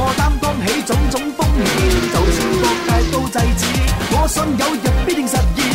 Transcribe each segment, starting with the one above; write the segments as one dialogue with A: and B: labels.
A: 我擔當起種種風險，就算各界都制止，我信有日必定實現。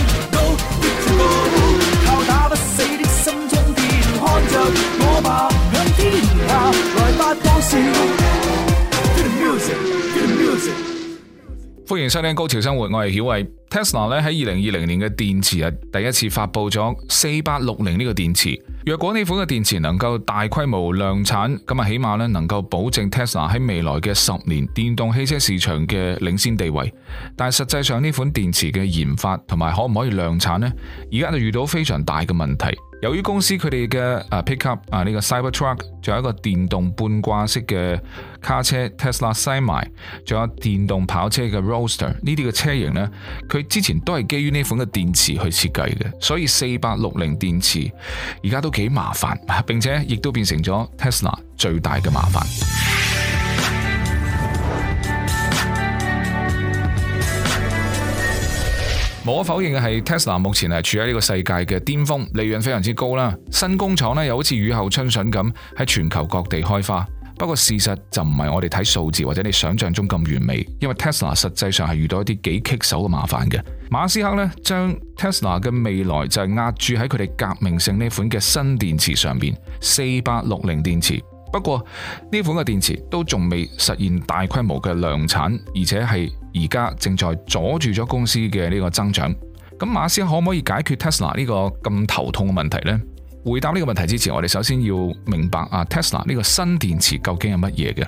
A: 歡迎收聽《高潮生活》，我係曉偉。Tesla 咧喺二零二零年嘅電池日第一次發佈咗四八六零呢個電池。若果呢款嘅電池能夠大規模量產，咁啊起碼咧能夠保證 Tesla 喺未來嘅十年電動汽車市場嘅領先地位。但係實際上呢款電池嘅研發同埋可唔可以量產呢？而家就遇到非常大嘅問題。由於公司佢哋嘅啊 pickup 啊呢個 Cybertruck，仲有一個電動半掛式嘅卡車 Tesla Semi，仲有電動跑車嘅 Roadster 呢啲嘅車型呢，佢之前都係基於呢款嘅電池去設計嘅，所以四百六零電池而家都幾麻煩，並且亦都變成咗 Tesla 最大嘅麻煩。無可否認嘅係，Tesla 目前係處喺呢個世界嘅巔峰，利潤非常之高啦。新工廠呢又好似雨後春筍咁喺全球各地開花。不過事實就唔係我哋睇數字或者你想象中咁完美，因為 Tesla 實際上係遇到一啲幾棘手嘅麻煩嘅。馬斯克呢將 Tesla 嘅未來就係壓住喺佢哋革命性呢款嘅新電池上面，四八六零電池。不過呢款嘅電池都仲未實現大規模嘅量產，而且係而家正在阻住咗公司嘅呢個增長。咁馬斯克可唔可以解決 Tesla 呢個咁頭痛嘅問題呢？回答呢個問題之前，我哋首先要明白啊，Tesla 呢個新電池究竟係乜嘢嘅？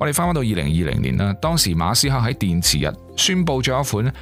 A: 我哋翻返到二零二零年啦，當時馬斯克喺電池日宣布咗一款。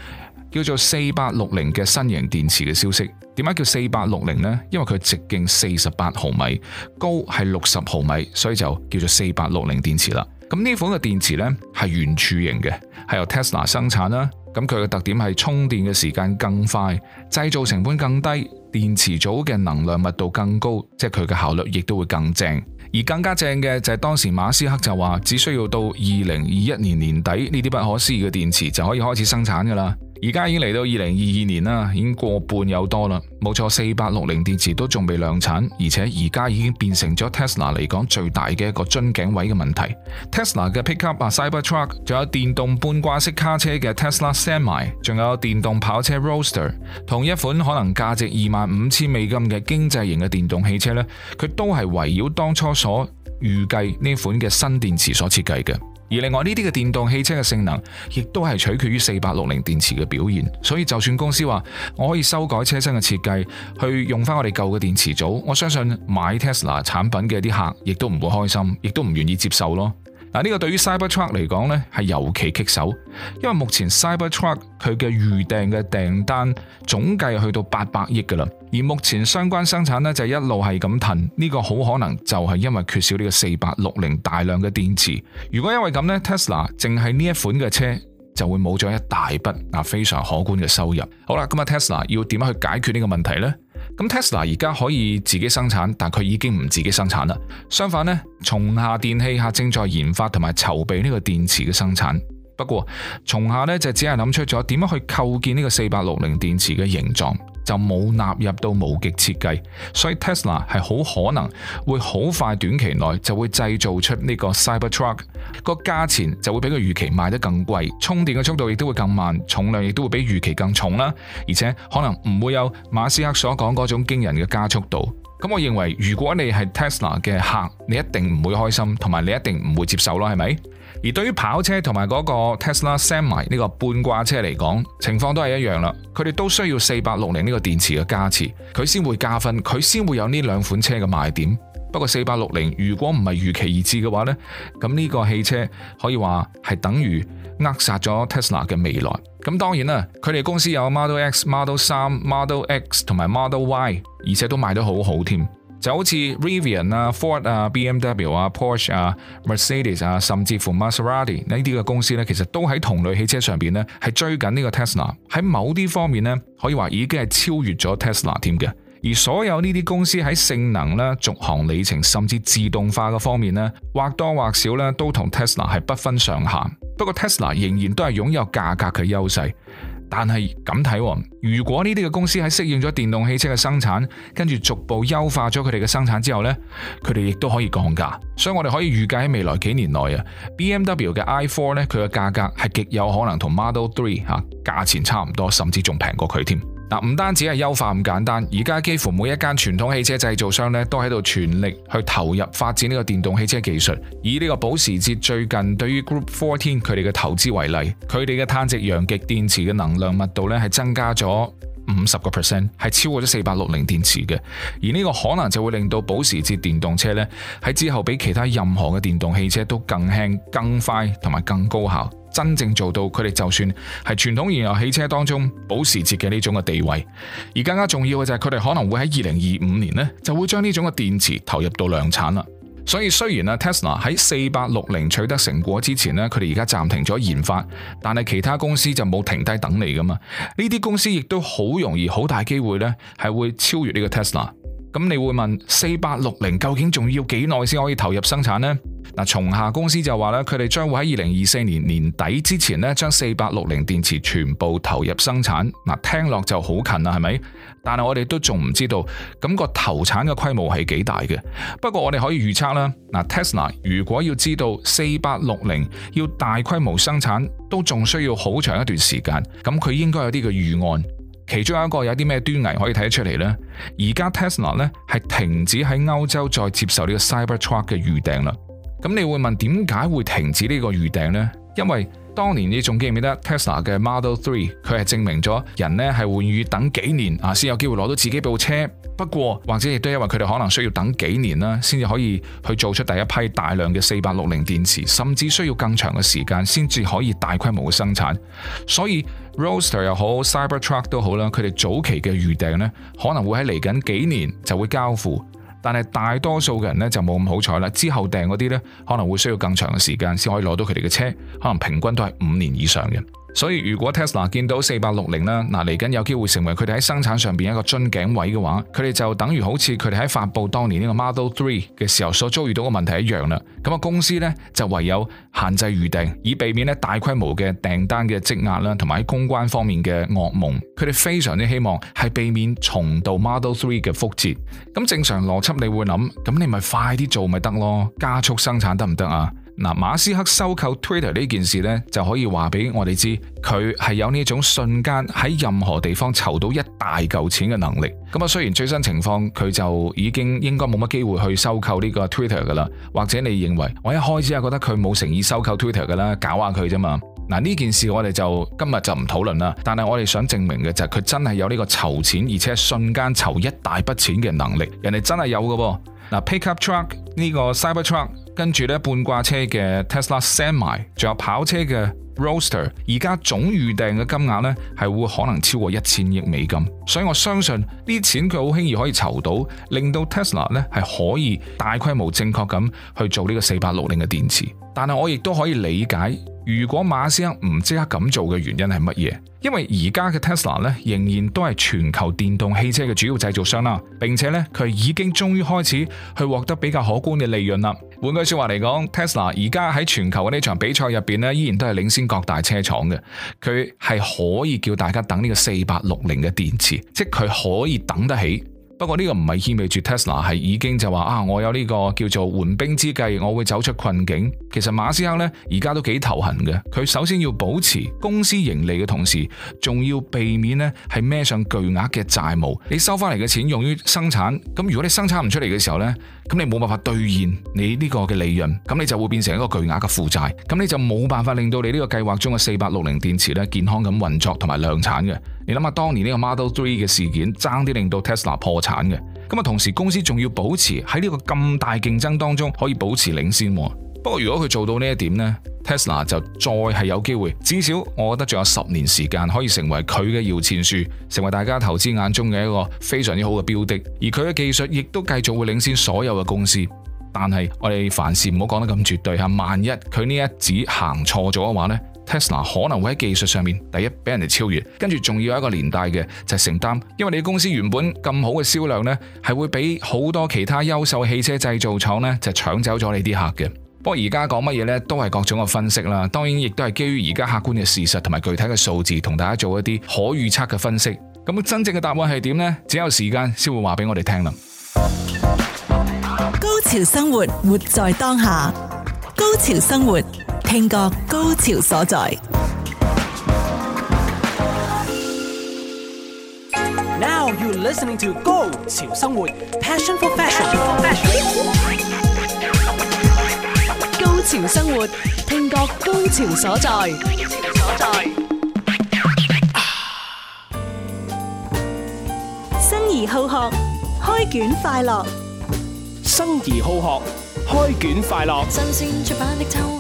A: 叫做四八六零嘅新型電池嘅消息，點解叫四八六零呢？因為佢直徑四十八毫米，高係六十毫米，所以就叫做四八六零電池啦。咁呢款嘅電池呢，係圓柱形嘅，係由 Tesla 生產啦。咁佢嘅特點係充電嘅時間更快，製造成本更低，電池組嘅能量密度更高，即係佢嘅效率亦都會更正。而更加正嘅就係當時馬斯克就話，只需要到二零二一年年底，呢啲不可思議嘅電池就可以開始生產噶啦。而家已經嚟到二零二二年啦，已經過半有多啦，冇錯，四八六零電池都仲未量產，而且而家已經變成咗 Tesla 嚟講最大嘅一個樽頸位嘅問題。Tesla 嘅 Pickup 啊，Cybertruck，仲有電動半掛式卡車嘅 Tesla Semi，仲有電動跑車 Roadster，同一款可能價值二萬五千美金嘅經濟型嘅電動汽車呢，佢都係圍繞當初所預計呢款嘅新電池所設計嘅。而另外呢啲嘅電動汽車嘅性能，亦都係取決於四八六零電池嘅表現。所以就算公司話我可以修改車身嘅設計，去用翻我哋舊嘅電池組，我相信買 Tesla 產品嘅啲客，亦都唔會開心，亦都唔願意接受咯。嗱呢個對於 Cybertruck 嚟講呢，係尤其棘手，因為目前 Cybertruck 佢嘅預訂嘅訂單總計去到八百億噶啦，而目前相關生產呢，就一路係咁褪，呢個好可能就係因為缺少呢個四六八零大量嘅電池。如果因為咁呢 Tesla 淨係呢一款嘅車就會冇咗一大筆啊非常可觀嘅收入。好啦，咁啊 Tesla 要點樣去解決呢個問題呢？咁 Tesla 而家可以自己生產，但佢已經唔自己生產啦。相反呢，松下電器下正在研發同埋籌備呢個電池嘅生產。不過松下呢就只係諗出咗點樣去構建呢個四八六零電池嘅形狀。就冇納入到無極設計，所以 Tesla 係好可能會好快短期內就會製造出呢個 Cybertruck，個價錢就會比佢預期賣得更貴，充電嘅速度亦都會更慢，重量亦都會比預期更重啦，而且可能唔會有馬斯克所講嗰種驚人嘅加速度。咁我認為，如果你係 Tesla 嘅客，你一定唔會開心，同埋你一定唔會接受啦，係咪？而對於跑車同埋嗰個 Tesla Semi 呢個半掛車嚟講，情況都係一樣啦。佢哋都需要四六八零呢個電池嘅加持，佢先會加分，佢先會有呢兩款車嘅賣點。不過四八六零如果唔係如期而至嘅話咧，咁呢個汽車可以話係等於扼殺咗 Tesla 嘅未來。咁當然啦，佢哋公司有 Model X、Model 3、Model X 同埋 Model Y，而且都賣得好好添。就好似 Rivian 啊、Ford 啊、BMW 啊、Porsche 啊、Mercedes 啊，甚至乎 Maserati 呢啲嘅公司咧，其實都喺同類汽車上邊咧係追緊呢個 Tesla。喺某啲方面咧，可以話已經係超越咗 Tesla 添嘅。而所有呢啲公司喺性能咧、續航里程甚至自動化嘅方面咧，或多或少咧都同 Tesla 係不分上下。不過 Tesla 仍然都係擁有價格嘅優勢。但係咁睇，如果呢啲嘅公司喺適應咗電動汽車嘅生產，跟住逐步優化咗佢哋嘅生產之後呢，佢哋亦都可以降價。所以我哋可以預計喺未來幾年內啊，BMW 嘅 i4 咧，佢嘅價格係極有可能同 Model Three 吓、啊、價錢差唔多，甚至仲平過佢添。嗱，唔單止係優化咁簡單，而家幾乎每一間傳統汽車製造商咧，都喺度全力去投入發展呢個電動汽車技術。以呢個保時捷最近對於 Group 14佢哋嘅投資為例，佢哋嘅碳直陽極電池嘅能量密度咧係增加咗。五十個 percent 係超過咗四百六零電池嘅，而呢個可能就會令到保時捷電動車呢，喺之後比其他任何嘅電動汽車都更輕、更快同埋更高效，真正做到佢哋就算係傳統燃油汽車當中保時捷嘅呢種嘅地位。而更加重要嘅就係佢哋可能會喺二零二五年呢，就會將呢種嘅電池投入到量產啦。所以雖然啊，Tesla 喺四八六零取得成果之前咧，佢哋而家暫停咗研發，但係其他公司就冇停低等你噶嘛。呢啲公司亦都好容易、好大機會咧，係會超越呢個 Tesla。咁你會問四百六零究竟仲要幾耐先可以投入生產呢？嗱，松下公司就話咧，佢哋將會喺二零二四年年底之前咧，將四百六零電池全部投入生產。嗱，聽落就好近啦，係咪？但係我哋都仲唔知道，咁個投產嘅規模係幾大嘅。不過我哋可以預測啦。嗱，Tesla 如果要知道四百六零要大規模生產，都仲需要好長一段時間。咁佢應該有啲嘅預案。其中有一個有啲咩端倪可以睇得出嚟呢？而家 Tesla 呢係停止喺歐洲再接受呢個 Cybertruck 嘅預訂啦。咁你會問點解會停止呢個預訂呢？因為當年你仲記唔記得 Tesla 嘅 Model Three，佢係證明咗人呢係願意等幾年啊，先有機會攞到自己部車。不過或者亦都因為佢哋可能需要等幾年啦，先至可以去做出第一批大量嘅四八六零電池，甚至需要更長嘅時間先至可以大規模嘅生產。所以 Roadster 又好，Cybertruck 都好啦，佢哋早期嘅預訂呢可能會喺嚟緊幾年就會交付。但係大多數嘅人咧就冇咁好彩啦。之後訂嗰啲咧可能會需要更長嘅時間先可以攞到佢哋嘅車，可能平均都係五年以上嘅。所以如果 Tesla 見到四六八零咧，嗱嚟緊有機會成為佢哋喺生產上邊一個樽頸位嘅話，佢哋就等於好似佢哋喺發布當年呢個 Model Three 嘅時候所遭遇到嘅問題一樣啦。咁啊，公司咧就唯有限制預訂，以避免咧大規模嘅訂單嘅積壓啦，同埋喺公關方面嘅噩夢。佢哋非常之希望係避免重蹈 Model Three 嘅覆轍。咁正常邏輯你會諗，咁你咪快啲做咪得咯，加速生產得唔得啊？嗱，馬斯克收購 Twitter 呢件事呢，就可以話俾我哋知佢係有呢種瞬間喺任何地方籌到一大嚿錢嘅能力。咁啊，雖然最新情況佢就已經應該冇乜機會去收購呢個 Twitter 噶啦，或者你認為我一開始係覺得佢冇誠意收購 Twitter 噶啦，搞下佢啫嘛。嗱，呢件事我哋就今日就唔討論啦。但係我哋想證明嘅就係、是、佢真係有呢個籌錢，而且瞬間籌一大筆錢嘅能力。人哋真係有嘅喎。嗱，pickup truck，呢個 cyber truck。跟住咧，半掛車嘅 Tesla Semi 埋仲有跑車嘅。roster 而家總預訂嘅金額呢，係會可能超過一千億美金，所以我相信呢啲錢佢好輕易可以籌到，令到 Tesla 呢係可以大規模正確咁去做呢個四八六零嘅電池。但係我亦都可以理解，如果馬斯克唔即刻咁做嘅原因係乜嘢？因為而家嘅 Tesla 呢，仍然都係全球電動汽車嘅主要製造商啦，並且呢，佢已經終於開始去獲得比較可觀嘅利潤啦。換句說話嚟講，Tesla 而家喺全球嘅呢場比賽入邊呢，依然都係領先。各大車廠嘅，佢係可以叫大家等呢個四八六零嘅電池，即係佢可以等得起。不過呢個唔係意味住 Tesla 係已經就話啊，我有呢個叫做緩兵之計，我會走出困境。其實馬斯克呢而家都幾頭痕嘅，佢首先要保持公司盈利嘅同時，仲要避免呢係孭上巨額嘅債務。你收翻嚟嘅錢用於生產，咁如果你生產唔出嚟嘅時候呢，咁你冇辦法兌現你呢個嘅利潤，咁你就會變成一個巨額嘅負債，咁你就冇辦法令到你呢個計劃中嘅四六八零電池呢健康咁運作同埋量產嘅。你諗下當年呢個 Model Three 嘅事件，爭啲令到 Tesla 破產。產嘅咁啊，同時公司仲要保持喺呢個咁大競爭當中可以保持領先。不過如果佢做到呢一點呢 Tesla 就再係有機會。至少我覺得仲有十年時間可以成為佢嘅搖錢樹，成為大家投資眼中嘅一個非常之好嘅標的。而佢嘅技術亦都繼續會領先所有嘅公司。但係我哋凡事唔好講得咁絕對吓，萬一佢呢一指行錯咗嘅話呢。Tesla 可能會喺技術上面第一俾人哋超越，跟住仲要有一個年代嘅就係承擔，因為你公司原本咁好嘅銷量呢，係會俾好多其他優秀汽車製造廠呢就搶走咗你啲客嘅。不過而家講乜嘢呢，都係各種嘅分析啦。當然亦都係基於而家客觀嘅事實同埋具體嘅數字，同大家做一啲可預測嘅分析。咁真正嘅答案係點呢？只有時間先會話俾我哋聽啦。高潮生活，活在當下。高潮生活。聽覺高潮所在。Now you're listening to 高潮生活，Passion for Fashion。高潮生活，聽覺高潮所在。生而好學，開卷快樂。生而好學，開卷快樂。新鮮出版的秋。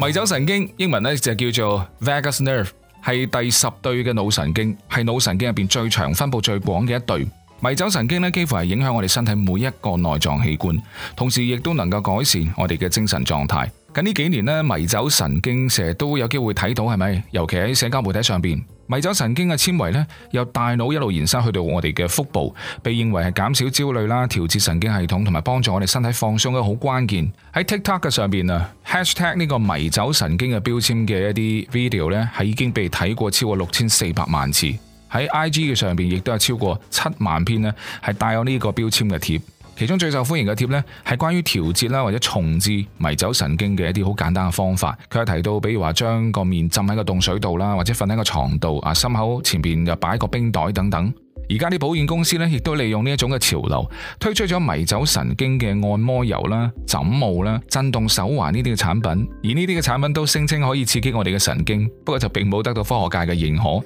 A: 迷走神經，英文咧就叫做 vagus nerve，係第十對嘅腦神經，係腦神經入邊最長、分佈最廣嘅一對。迷走神經咧，幾乎係影響我哋身體每一個內臟器官，同時亦都能夠改善我哋嘅精神狀態。近呢幾年咧，迷走神經成日都有機會睇到，係咪？尤其喺社交媒體上邊。迷走神經嘅纖維咧，由大腦一路延伸去到我哋嘅腹部，被認為係減少焦慮啦、調節神經系統同埋幫助我哋身體放鬆嘅好關鍵。喺 TikTok 嘅上邊啊，hashtag 呢個迷走神經嘅標籤嘅一啲 video 咧，係已經被睇過超過六千四百萬次。喺 IG 嘅上邊，亦都有超過七萬篇咧，係帶有呢個標籤嘅貼。其中最受歡迎嘅貼呢，係關於調節啦，或者重置迷走神經嘅一啲好簡單嘅方法。佢有提到，比如話將個面浸喺個凍水度啦，或者瞓喺個床度，啊心口前邊又擺個冰袋等等。而家啲保險公司呢，亦都利用呢一種嘅潮流，推出咗迷走神經嘅按摩油啦、枕霧啦、震動手環呢啲嘅產品。而呢啲嘅產品都聲稱可以刺激我哋嘅神經，不過就並冇得到科學界嘅認可。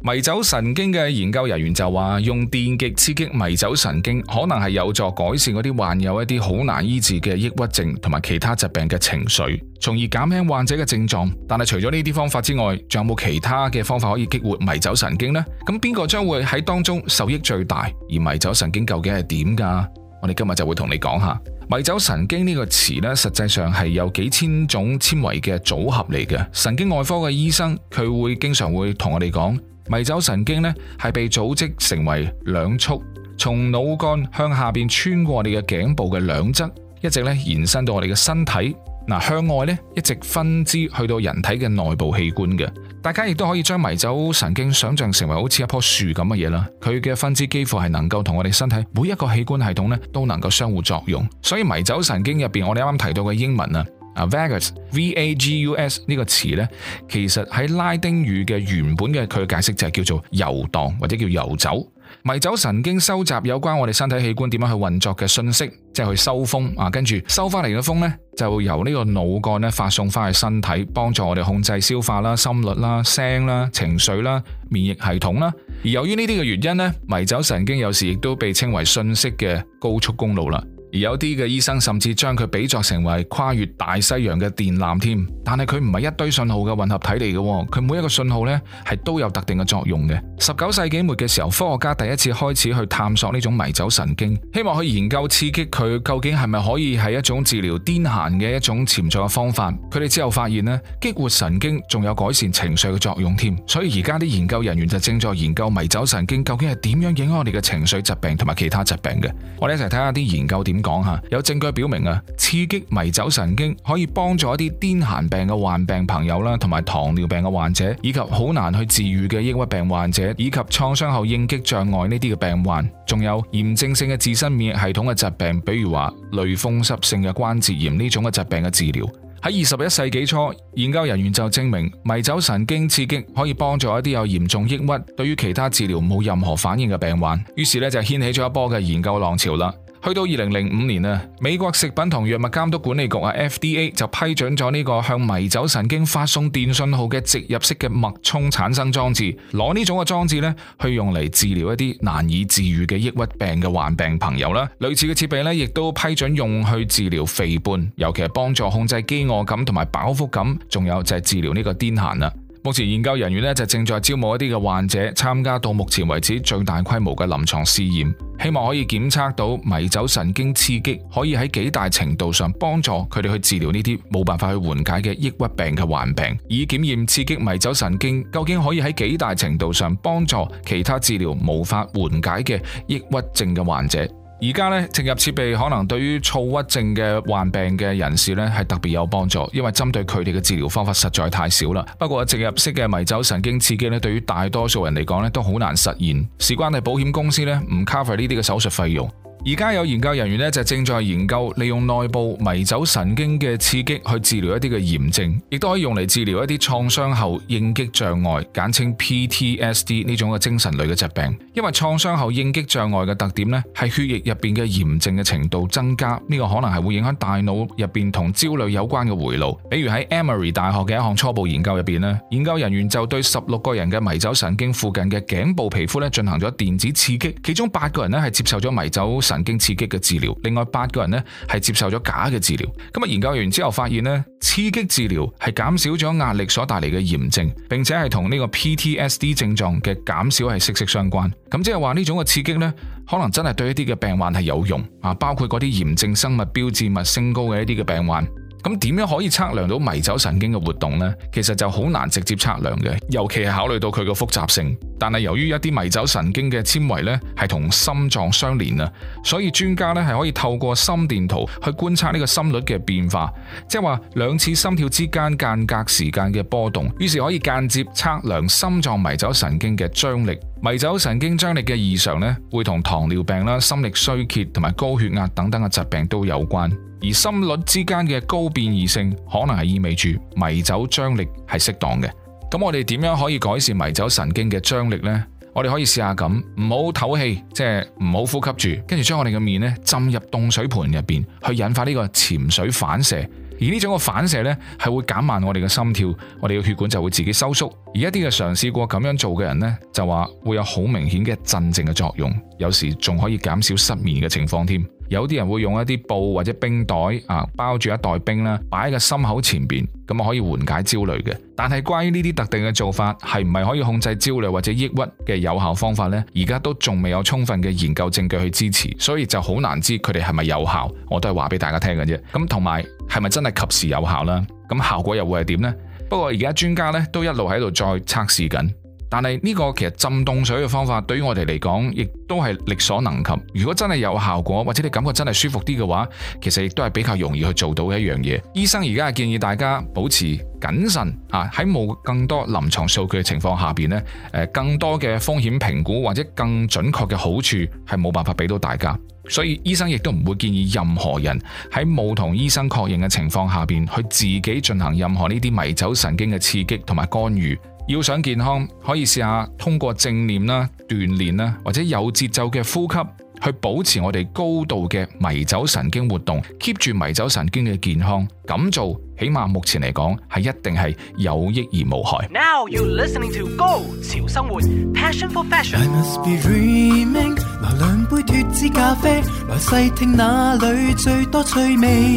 A: 迷走神經嘅研究人員就話，用電極刺激迷走神經，可能係有助改善嗰啲患有一啲好難醫治嘅抑鬱症同埋其他疾病嘅情緒，從而減輕患者嘅症狀。但係除咗呢啲方法之外，仲有冇其他嘅方法可以激活迷走神經呢？咁邊個將會喺當中受益最大？而迷走神經究竟係點㗎？我哋今日就會同你講下。迷走神經呢個詞呢，實際上係有幾千種纖維嘅組合嚟嘅。神經外科嘅醫生佢會經常會同我哋講。迷走神經咧係被組織成為兩束，從腦幹向下邊穿過我哋嘅頸部嘅兩側，一直咧延伸到我哋嘅身體，嗱向外咧一直分支去到人體嘅內部器官嘅。大家亦都可以將迷走神經想象成為好似一棵樹咁嘅嘢啦，佢嘅分支幾乎係能夠同我哋身體每一個器官系統咧都能夠相互作用。所以迷走神經入邊我哋啱啱提到嘅英文啊。Vagus, V-A-G-U-S, 呢個詞呢，其實喺拉丁語嘅原本嘅佢嘅解釋就係叫做游蕩或者叫游走。迷走神經收集有關我哋身體器官點樣去運作嘅信息，即係去收風啊，跟住收翻嚟嘅風呢，就由呢個腦幹呢，發送翻去身體，幫助我哋控制消化啦、心率啦、聲啦、情緒啦、免疫系統啦。而由於呢啲嘅原因呢，迷走神經有時亦都被稱為信息嘅高速公路啦。而有啲嘅醫生甚至將佢比作成為跨越大西洋嘅電纜添，但係佢唔係一堆信號嘅混合體嚟嘅，佢每一個信號呢係都有特定嘅作用嘅。十九世紀末嘅時候，科學家第一次開始去探索呢種迷走神經，希望去研究刺激佢究竟係咪可以係一種治療癲癇嘅一種潛在嘅方法。佢哋之後發現呢，激活神經仲有改善情緒嘅作用添。所以而家啲研究人員就正在研究迷走神經究竟係點樣影響我哋嘅情緒疾病同埋其他疾病嘅。我哋一齊睇下啲研究點。講下有證據表明啊，刺激迷走神經可以幫助一啲癲癇病嘅患病朋友啦，同埋糖尿病嘅患者，以及好難去治癒嘅抑鬱病患者，以及創傷後應激障礙呢啲嘅病患，仲有炎症性嘅自身免疫系統嘅疾病，比如話類風濕性嘅關節炎呢種嘅疾病嘅治療。喺二十一世紀初，研究人員就證明迷走神經刺激可以幫助一啲有嚴重抑鬱、對於其他治療冇任何反應嘅病患，於是呢，就掀起咗一波嘅研究浪潮啦。去到二零零五年啦，美國食品同藥物監督管理局啊 （FDA） 就批准咗呢個向迷走神經發送電信號嘅植入式嘅脈衝產生裝置，攞呢種嘅裝置咧去用嚟治療一啲難以治愈嘅抑鬱病嘅患病朋友啦。類似嘅設備咧，亦都批准用去治療肥胖，尤其係幫助控制飢餓感同埋飽腹感，仲有就係治療呢個癲癇啦。目前研究人員呢就正在招募一啲嘅患者參加，到目前為止最大規模嘅臨床試驗，希望可以檢測到迷走神經刺激可以喺幾大程度上幫助佢哋去治療呢啲冇辦法去緩解嘅抑鬱病嘅患病，以檢驗刺激迷走神經究竟可以喺幾大程度上幫助其他治療無法緩解嘅抑鬱症嘅患者。而家呢，植入設備可能對於躁鬱症嘅患病嘅人士呢係特別有幫助，因為針對佢哋嘅治療方法實在太少啦。不過，植入式嘅迷走神經刺激呢，對於大多數人嚟講呢，都好難實現。事關係保險公司呢，唔 cover 呢啲嘅手術費用。而家有研究人員咧，就正在研究利用內部迷走神經嘅刺激去治療一啲嘅炎症，亦都可以用嚟治療一啲創傷後應激障礙，簡稱 PTSD 呢種嘅精神類嘅疾病。因為創傷後應激障礙嘅特點咧，係血液入邊嘅炎症嘅程度增加，呢、呢個可能係會影響大腦入邊同焦慮有關嘅回路。比如喺 Emory 大學嘅一項初步研究入邊咧，研究人員就對十六個人嘅迷走神經附近嘅頸部皮膚咧進行咗電子刺激，其中八個人咧係接受咗迷走神經刺激嘅治療，另外八個人呢係接受咗假嘅治療。咁啊，研究完之後發現呢，刺激治療係減少咗壓力所帶嚟嘅炎症，並且係同呢個 PTSD 症狀嘅減少係息息相關。咁即係話呢種嘅刺激呢，可能真係對一啲嘅病患係有用啊，包括嗰啲炎症生物標誌物升高嘅一啲嘅病患。咁點樣可以測量到迷走神經嘅活動呢？其實就好難直接測量嘅，尤其係考慮到佢嘅複雜性。但係由於一啲迷走神經嘅纖維呢係同心臟相連啊，所以專家呢係可以透過心電圖去觀察呢個心率嘅變化，即係話兩次心跳之間間隔時間嘅波動，於是可以間接測量心臟迷走神經嘅張力。迷走神經張力嘅異常呢，會同糖尿病啦、心力衰竭同埋高血壓等等嘅疾病都有關。而心率之間嘅高變異性可能係意味住迷走張力係適當嘅。咁我哋點樣可以改善迷走神經嘅張力呢？我哋可以試下咁，唔好唞氣，即係唔好呼吸住，跟住將我哋嘅面呢浸入凍水盆入邊，去引發呢個潛水反射。而呢種個反射呢，係會減慢我哋嘅心跳，我哋嘅血管就會自己收縮。而一啲嘅嘗試過咁樣做嘅人呢，就話會有好明顯嘅鎮靜嘅作用，有時仲可以減少失眠嘅情況添。有啲人會用一啲布或者冰袋啊，包住一袋冰啦，擺喺個心口前邊，咁啊可以緩解焦慮嘅。但係關於呢啲特定嘅做法，係唔係可以控制焦慮或者抑鬱嘅有效方法呢？而家都仲未有充分嘅研究證據去支持，所以就好難知佢哋係咪有效。我都係話俾大家聽嘅啫。咁同埋係咪真係及時有效啦？咁效果又會係點呢？不過而家專家呢，都一路喺度再測試緊。但係呢、這個其實浸凍水嘅方法對於我哋嚟講，亦都係力所能及。如果真係有效果，或者你感覺真係舒服啲嘅話，其實亦都係比較容易去做到嘅一樣嘢。醫生而家係建議大家保持謹慎啊！喺冇更多臨床數據嘅情況下邊咧，誒，更多嘅風險評估或者更準確嘅好處係冇辦法俾到大家。所以醫生亦都唔會建議任何人喺冇同醫生確認嘅情況下邊去自己進行任何呢啲迷走神經嘅刺激同埋干預。要想健康，可以試下通過正念啦、鍛煉啦，或者有節奏嘅呼吸，去保持我哋高度嘅迷走神經活動，keep 住迷走神經嘅健康。咁做起碼目前嚟講係一定係有益而無害。Now you're listening to Go 潮生活 Passion for Fashion。I must be dreaming。來兩杯脫脂咖啡，來細聽哪裏最多趣味，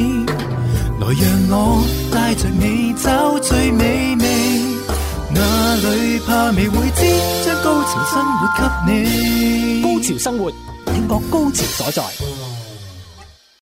A: 來讓我帶着你找最美味。哪裏怕未會知，將高潮生活，給你高潮生活，聽覺高潮所在。